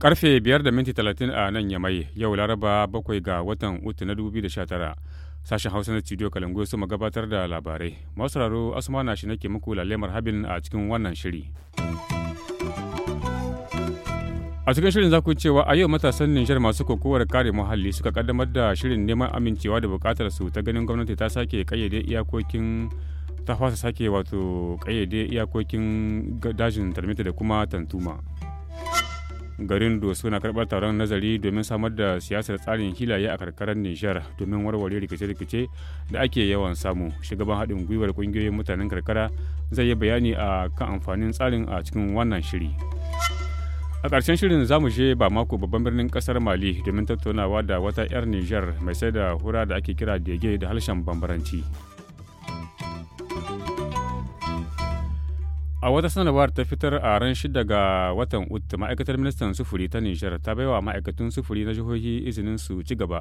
Karfe 5 da minti talatin a nan Yamai, yau Laraba bakwai ga watan Utu na 2019. Sashen Hausa na Studio Kalangu su gabatar da labarai. Masu raro Asuma na shi nake muku lalemar habin a cikin wannan shiri. A cikin shirin za cewa a yau matasan Nijar masu kokowar kare muhalli suka kaddamar da shirin neman amincewa da bukatar su ta ganin gwamnati ta sake kayyade iyakokin ta fasa sake wato kayyade iyakokin dajin tarmita da kuma tantuma. Garin Doso na karɓar taron nazari domin samar da siyasar tsarin hilaye a karkarar Nijar domin warware rikice-rikice da ake yawan samu. Shugaban haɗin gwiwar ƙungiyoyin mutanen karkara zai yi bayani a kan amfanin tsarin a cikin wannan shiri. A ƙarshen shirin zamu je ba mako babban birnin ƙasar Mali domin tattaunawa da wata 'yar Nijar mai sai da hura da ake kira dege da harshen bambaranci. A wata sanarwar ta fitar a ran shida ga watan Ut ma'aikatar ministan sufuri ta Nijar ta baiwa ma'aikatun sufuri na jihohi izinin su ci gaba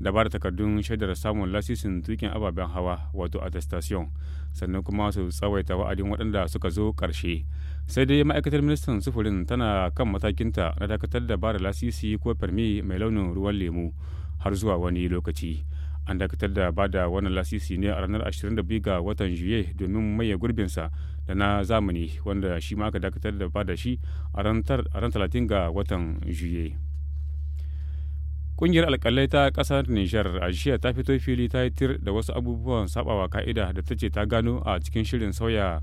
da ba da takardun shaidar samun lasisin tukin ababen hawa wato attestation sannan kuma su tsawaita wa'adin waɗanda suka zo ƙarshe. sai dai ma'aikatar ministan sufurin tana kan matakinta na dakatar da bada lasisi ko farmi mai launin ruwan lemu har zuwa wani lokaci an dakatar da bada wannan lasisi ne a ranar 22 ga watan juye domin maye gurbinsa da na zamani wanda shi ma aka dakatar da bada shi a ran 30 ga watan juye kungiyar alkalai ta kasar nijar a jiya ta fito fili ta yi tir da wasu abubuwan sabawa ka'ida da ta ce ta gano a cikin shirin sauya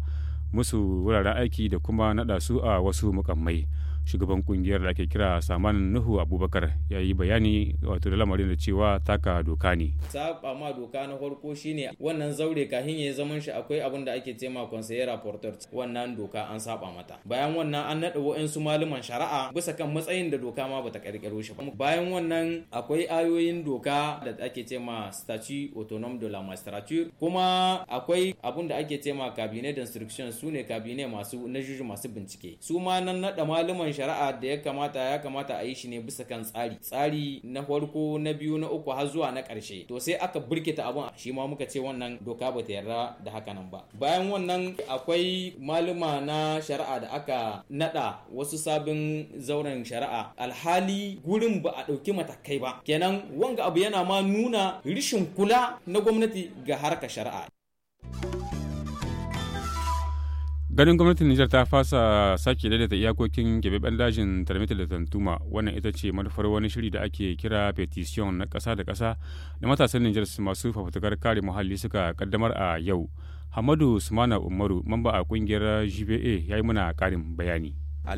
musu wuraren aiki da kuma naɗa su a wasu mukammai. shugaban kungiyar da ake kira saman nuhu abubakar ya yi bayani wato da lamarin da cewa taka doka ne saba ma doka na farko shine wannan zaure kahin ya zaman shi akwai abin da ake cema conseiller porter wannan doka an saba mata bayan wannan an naɗa wa'ansu malaman shari'a bisa kan matsayin da doka ma bata karkaro shi ba bayan wannan akwai ayoyin doka da ake cema statu autonome de la magistrature kuma akwai abin da ake cema cabinet d'instruction su ne cabinet masu na juju masu bincike su ma nan naɗa malaman shari'a da ya kamata ya kamata a yi shi ne bisa kan tsari tsari na farko na biyu na uku har zuwa na karshe to sai aka birkita abun shi ma muka ce wannan doka ba ta yarda da haka nan ba bayan wannan akwai malama na shari'a da aka nada wasu sabin zauren shari'a alhali gurin ba a ɗauki matakai ba kenan wanga abu yana ma nuna rishin kula na gwamnati ga harkar shari'a ganin gwamnatin nijar ta fasa sake daidaita iyakokin keɓaɓɓen dajin tarmita da tantuma wannan ita ce manufar wani shiri da ake kira petition na ƙasa da kasa da matasan nijar masu fafutukar kare muhalli suka kaddamar a yau hamadu sumana umaru mamba a ƙungiyar gba ya yi muna ƙarin bayani A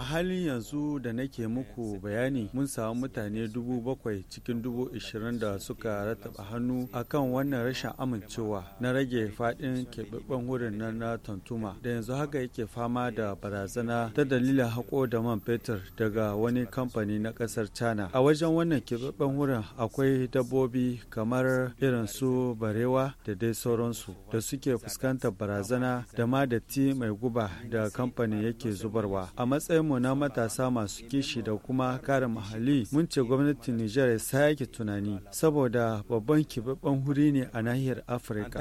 halin yanzu da nake muku bayani mun samu mutane dubu bakwai cikin dubu ishirin da suka rataba hannu akan wannan rashin amincewa na rage fadin keɓaɓɓen wurin nan na tantuma da yanzu haka yake fama da barazana ta dalilin haƙo da man fetur daga wani kamfani na ƙasar China. A wajen wannan keɓaɓɓen wurin akwai dabbobi kamar irin su barewa da dai sauransu da suke fuskantar barazana da ma datti mai guba da kamfani yake zuba sadarwa a mu na matasa masu kishi da kuma kare muhalli mun ce gwamnatin Nijar ya sake tunani saboda babban kibabban huri ne a nahiyar Afirka.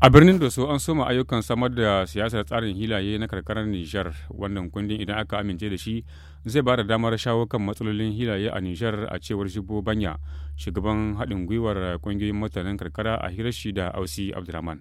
A birnin Doso an soma ayyukan samar da siyasar tsarin hilaye na karkarar Nijar wannan kundin idan aka amince da shi zai ba da damar shawo kan matsalolin hilaye a Nijar a cewar Shibo Banya shugaban haɗin gwiwar ƙungiyoyin mutanen karkara a hirashi da Ausi Abdulrahman.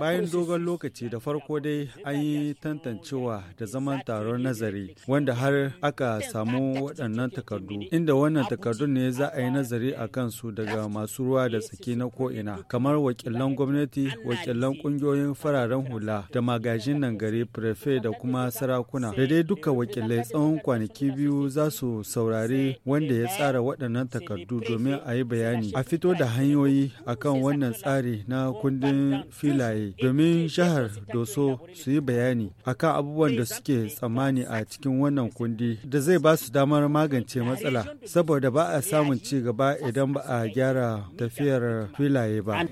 Bayan dogon lokaci da farko dai an yi tantancewa da zaman taron nazari wanda har aka samu waɗannan takardu inda wannan takardun ne za a yi nazari a kansu daga masu ruwa da tsaki na ko'ina kamar wakilan gwamnati wakilan ƙungiyoyin fararen hula da magajin nan gari prefe da kuma sarakuna da dai duka wakilai tsawon kwanaki biyu za su saurari wanda ya tsara waɗannan takardu domin a yi bayani a fito da hanyoyi akan wannan tsari na kundin cikin filaye domin jihar Doso su yi bayani akan abubuwan da suke tsammani a cikin wannan kundi da zai ba su damar magance matsala saboda ba a samun ci gaba idan ba a gyara tafiyar filaye ba.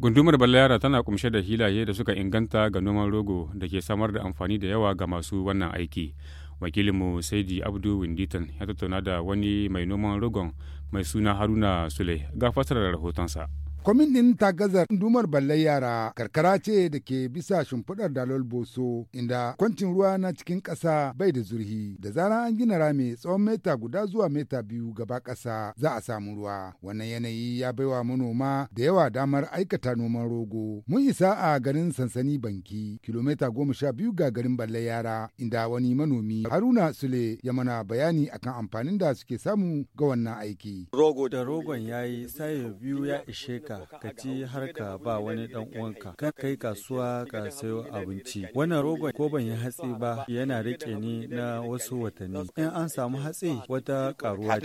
Gundumar Balayara tana kumshe da hilaye da suka inganta ga noman rogo da ke samar da amfani da yawa ga masu wannan aiki. Wakilinmu Saidi Abdu Winditan ya tattauna da wani mai noman rogon mai suna Haruna Sule ga fasarar rahotonsa. Kwamitin tagazar dumar ballai yara karkara ce da ke bisa shimfiɗar dalol boso inda kwancin ruwa na cikin ƙasa bai da zurhi da zarar an gina rami tsawon meta guda zuwa meta biyu gaba ƙasa za a samu ruwa. Wannan yanayi ya baiwa manoma da yawa damar aikata noman rogo. Mun isa a garin sansani banki kilomita goma sha biyu ga garin ballai yara inda wani manomi Haruna Sule ya mana bayani akan amfanin da suke samu ga wannan aiki. Rogo da rogon yayi sayo biyu ya ishe ka ka ka ci har ka ba wani dan uwanka ka kai kasuwa ka sayo abinci wannan rogon ko ban yi hatsi ba yana rike ni na wasu watanni in an samu hatsi wata karuwa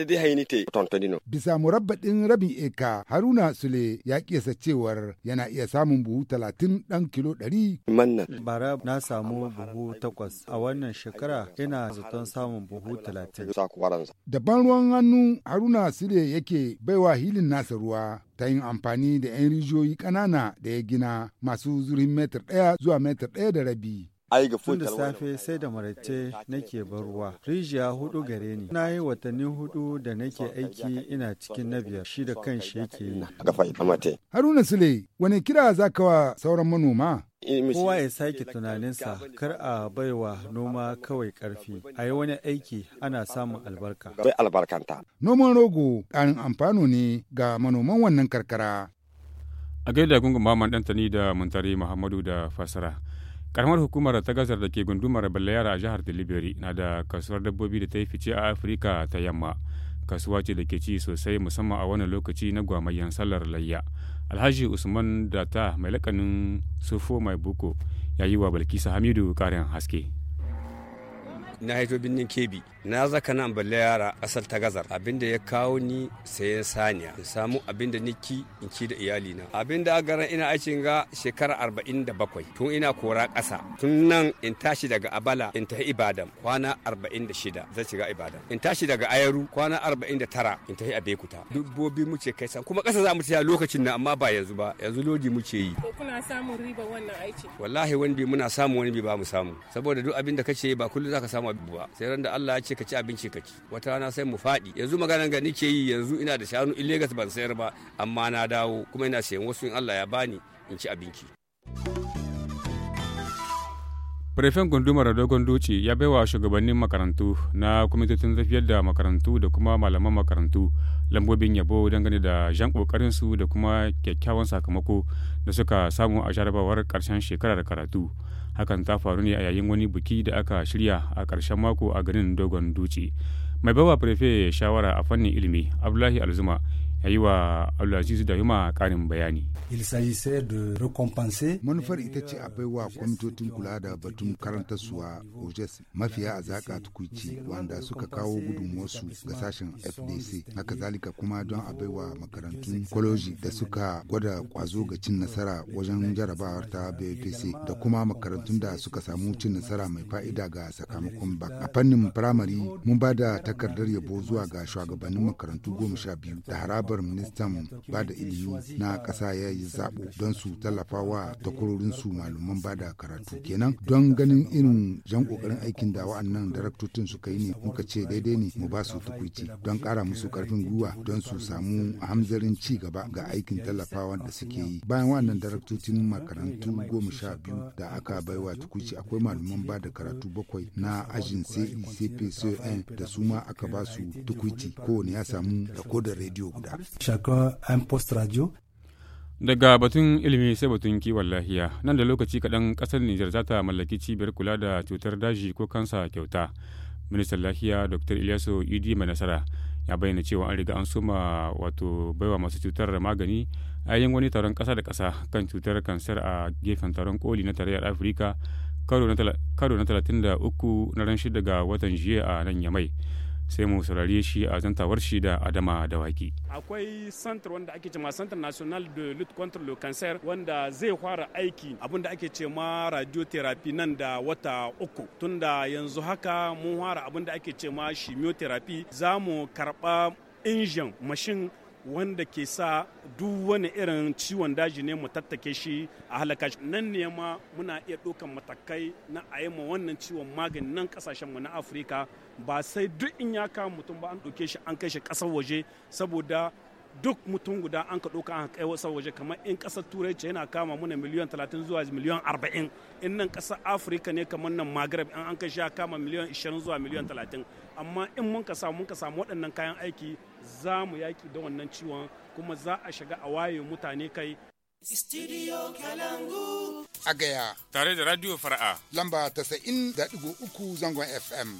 bisa murabbadin rabin eka haruna sule ya kiyasa cewar yana iya samun buhu talatin dan kilo ɗari bara na samu buhu takwas a wannan shekara ina zaton samun buhu talatin da ruwan hannu haruna sule yake baiwa hilin nasa ruwa ta yin amfani da 'yan rijiyoyi ƙanana da ya gina masu zurin metar ɗaya zuwa metar ɗaya da rabi. Tun da safe sai da maraice nake bar ruwa. Rijiya hudu gare ni. Na yi watanni hudu da nake aiki ina cikin na biyar shi da kan shi yake yi. Haruna Sule, wani kira za ka wa sauran manoma? Eh, Kowa ya sake tunaninsa kar a baiwa noma kawai karfi, a yi wani aiki ana samun albarka. Bai albarkanta. Noman rogo ɗarin amfano ne ga manoman wannan karkara. A gaida gungun Maman Dantani da Muntari Muhammadu da Fasara. karamar hukumar ta gasar da ke gundumar balayara a jihar delivery na da kasuwar dabbobi da ta yi fice a afirka ta yamma kasuwa ce da ke ci sosai musamman a wani lokaci na gwamayyan sallar layya alhaji usman data mai lakanin sufo mai buko ya yi wa balkisa hamidu karin haske na haito birnin kebi na zaka nan balle yara asal ta gazar abinda ya kawo ni sayan saniya in samu abinda niki in ci da iyalina abinda a garin ina aikin ga shekara arba'in da bakwai tun ina kora ƙasa tun nan in tashi daga abala in tafi ibadan kwana arba'in da shida zan shiga ibadan in tashi daga ayaru kwana arba'in da tara in tafi abekuta dubbobi mu ce kai san kuma ƙasa za mu ta lokacin na amma ba yanzu ba yanzu lodi ce yi. Ko kuna samun riba wannan aiki? Wallahi wani bi muna samu wani bi ba mu samu saboda duk abinda kace ba kullum zaka samu kama ba sai ran da Allah ya ce ka ci abinci ka ci wata rana sai mu faɗi yanzu maganar ga nike yi yanzu ina da shanu in Legas ban sayar ba amma na dawo kuma ina sayan wasu in Allah ya bani in ci abinci Prefen gundumar Dogon Duci ya baiwa shugabannin makarantu na kwamitocin zafiyar da makarantu da kuma malaman makarantu lambobin yabo dangane da jan kokarinsu da kuma kyakkyawan sakamako da suka samu a jarabawar karshen shekarar karatu. Hakan ta faru ne a yayin wani buki da aka shirya a karshen mako a garin Dogon Duci. Mai bawa prefe shawara a fannin ilimi Abdullahi Alzuma ya wa Abdulaziz da Yuma karin bayani. Il s'agissait de récompenser manufar ita ce a baiwa kwamitocin kula da batun karanta suwa OJES mafiya a zaka tukuici wanda suka kawo gudunmuwarsu ga sashen FDC haka zalika kuma don a baiwa makarantun kwaloji da suka gwada kwazo ga cin nasara wajen jarabawar ta BPC da kuma makarantun da suka samu cin nasara mai fa'ida ga sakamakon bak. A fannin firamare mun ba da takardar yabo zuwa ga shugabannin makarantu goma sha biyu da haraba babbar ministan ba da ilimi na ƙasa ya yi zaɓo don su tallafa wa takwarorinsu malaman ba da karatu kenan don ganin irin jan kokarin aikin da wa'annan daraktocin suka yi ne muka ce daidai ne mu ba su tukuici don ƙara musu ƙarfin gwiwa don su samu hamzarin ci gaba ga aikin tallafawa da suke yi bayan wa'annan daraktocin makarantu goma sha biyu da aka baiwa tukuici akwai malaman ba da karatu bakwai na ajin CECPCN da su ma aka ba su tukuici kowane ya samu da rediyo guda chacun radio daga batun ilimi sai batun kiwon lahiya nan da lokaci kaɗan ƙasar nijar za ta mallaki cibiyar kula da cutar daji ko kansa kyauta ministan lahiya dr ilyasu idi mai nasara ya bayyana cewa an riga an suma wato baiwa masu cutar magani a yin wani taron ƙasa da ƙasa kan cutar kansar a gefen taron koli na tarayyar afirka karo na 33 na ran shida ga watan jiya a nan yamai sai mu saurare shi a zantawar shi da adama da waki akwai santar wanda ake cema centre national de lutte contre le cancer wanda zai fara aiki abin da ake cema radiotherapy nan da wata uku tunda yanzu haka mun fara abin da ake cema chemotherapy za mu karɓa injin machine. wanda ke sa duk wani irin ciwon daji ne mu tattake shi a halaka nan ne ma muna iya ɗaukan matakai na a yi wannan ciwon magani nan kasashen mu na afirka ba sai duk in ya kama mutum ba an ɗauke shi an kai shi ƙasar waje saboda duk mutum guda an ka ɗauka an kai wasa waje kamar in ƙasar turai ce yana kama muna miliyan 30 zuwa miliyan 40 in nan ƙasar afirka ne kamar nan maghreb an kai sha kama miliyan 20 zuwa miliyan 30 amma in mun ka samu mun ka samu waɗannan kayan aiki za mu yaƙi da wannan ciwon kuma za a shiga a waye mutane kai Studio A gaya. Tare da Radio Fara'a. Lamba 90.3 zangon FM.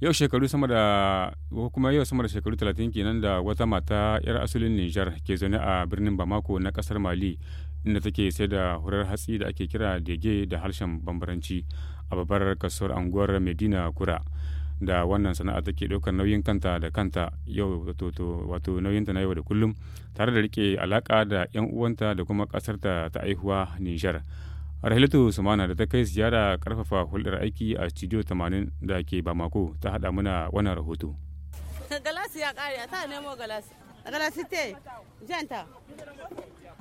Yau shekaru sama da kuma yau sama da shekaru talatin kenan da wata mata 'yar asalin Nijar ke zaune a birnin Bamako na kasar Mali inda take sai da hurar hatsi da ake kira dege da harshen bambaranci a babbar kasuwar anguwar Medina Kura. da wannan sana'a take ɗaukar nauyin kanta da kanta yau wato nauyin ta na yau da kullum tare da rike alaka da 'yan uwanta da kuma ƙasarta ta aihuwa Nijar. Rahilatu Sumana da ta kai ziyara karfafa hulɗar aiki a Studio 80 da ke Bamako ta haɗa muna wannan rahoto. Galasi ya kare ta nemo galasi. Galasi te, janta.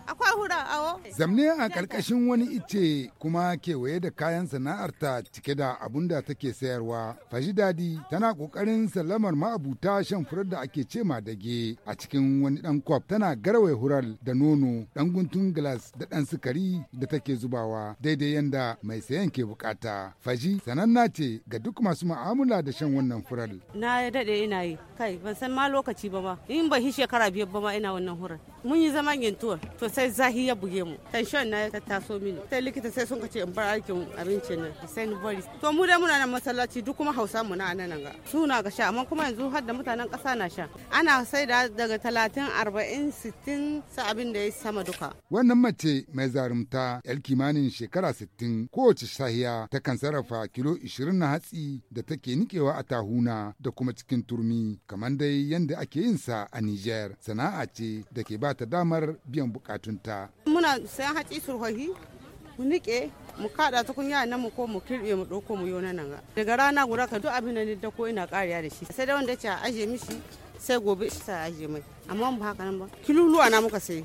akwai hura awo. Zamne a ƙarƙashin wani ice kuma kewaye da kayan sana'arta cike da abun da take sayarwa. Faji Dadi tana kokarin sallamar ma'abuta shan furar da ake ce dage a cikin wani dan kwaf tana garawai hurar da nono ɗan guntun glass da ɗan sukari da take zubawa daidai yanda mai sayan ke bukata. Faji sananna ce ga duk masu ma'amula da shan wannan furar. Na daɗe ina yi kai ban san ma lokaci ba ba in ban shekara biyar ba ma ina wannan hurar. Mun yi zaman gintuwa to sai zahi ya buge mu tension na ta taso mini sai likita sai sun kace in bar aikin abinci nan sai ni bari to mu dai muna nan masallaci duk kuma hausa mu na nan ga suna ga sha amma kuma yanzu har da mutanen ƙasa na sha ana sai da daga 30 40 60 sa abin da ya sama duka wannan mace mai zarumta yar kimanin shekara 60 kowace sahiya kan sarrafa kilo 20 na hatsi da take nikewa a tahuna da kuma cikin turmi kamar dai yadda ake yin sa a Niger sana'a ce da ke ba ta damar biyan bukatu mutunta. Muna sayan hatsi hohi mu niƙe, mu kada tukunya na mu ko mu kirbe mu ɗauko mu yona nan ga. Daga rana guda ka duk abin da ni da ko ina kariya da shi. Sai da wanda ce a aje mishi sai gobe sa aje mai. Amma mu haka nan ba. Kiluluwa na muka sai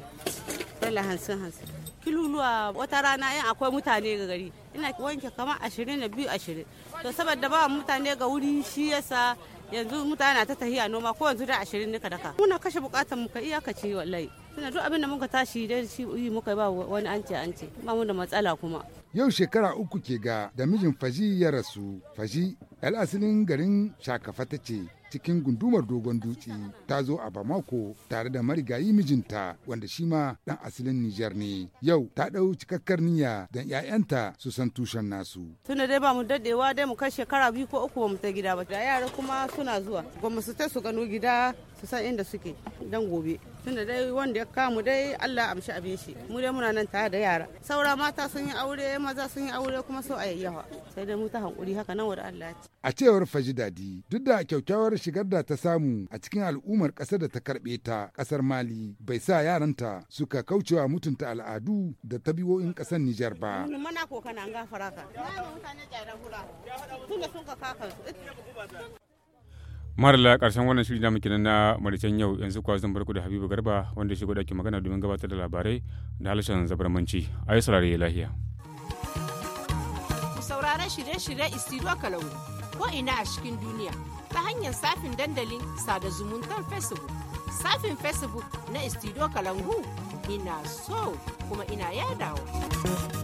Dala hansin hansin. Kiluluwa wata rana in akwai mutane ga gari. Ina wanke kamar ashirin da biyu ashirin. To saboda ba mutane ga wuri shi yasa yanzu mutane ta tahiya noma ko yanzu da ashirin nika daka muna kashe bukatar mu ka iyakaci wallahi tana duk abin da muka tashi da shi yi muka ba wani an ce an ce ba mu da matsala kuma yau shekara uku ke ga da mijin faji ya rasu faji yal asalin garin shakafata ce cikin gundumar dogon dutse ta zo a bamako tare da marigayi mijinta wanda shi ma dan asalin nijar ne yau ta ɗau cikakkar niyya don 'ya'yanta su san tushen nasu tunda dai ba mu daɗewa dai mu kai shekara biyu ko uku ba mu ta gida ba da yara kuma suna zuwa ba su ta su gano gida su san inda suke dan gobe tunda dai wanda ya kamu dai Allah amshi abin shi mu dai muna nan tare da yara saura mata sun yi aure maza sun yi aure kuma so a yayyawa sai dai mu ta hankuri haka nan wa Allah a cewar Faji Dadi, duk da kyakkyawar shigar da ta samu a cikin al'ummar ƙasar da ta karɓe ta ƙasar Mali bai sa yaranta suka kaucewa mutunta al'adu da tabiwoyin ƙasar Nijar ba muna kokana an gafara ka tunda sun ka kakansu Marala ƙarshen wannan shirin damu kenan na maricen yau yanzu kuwa zan barku da Habibu Garba wanda shigo ɗakin magana domin gabatar da labarai da halashen zabarmanci. saurari ya lahiya. Ku shirye-shirye Istiduwa Kalau ko ina a cikin duniya ta hanyar safin dandalin sada zumuntar Facebook. Safin Facebook na Istiduwa Kalangu ina so kuma ina yadawa.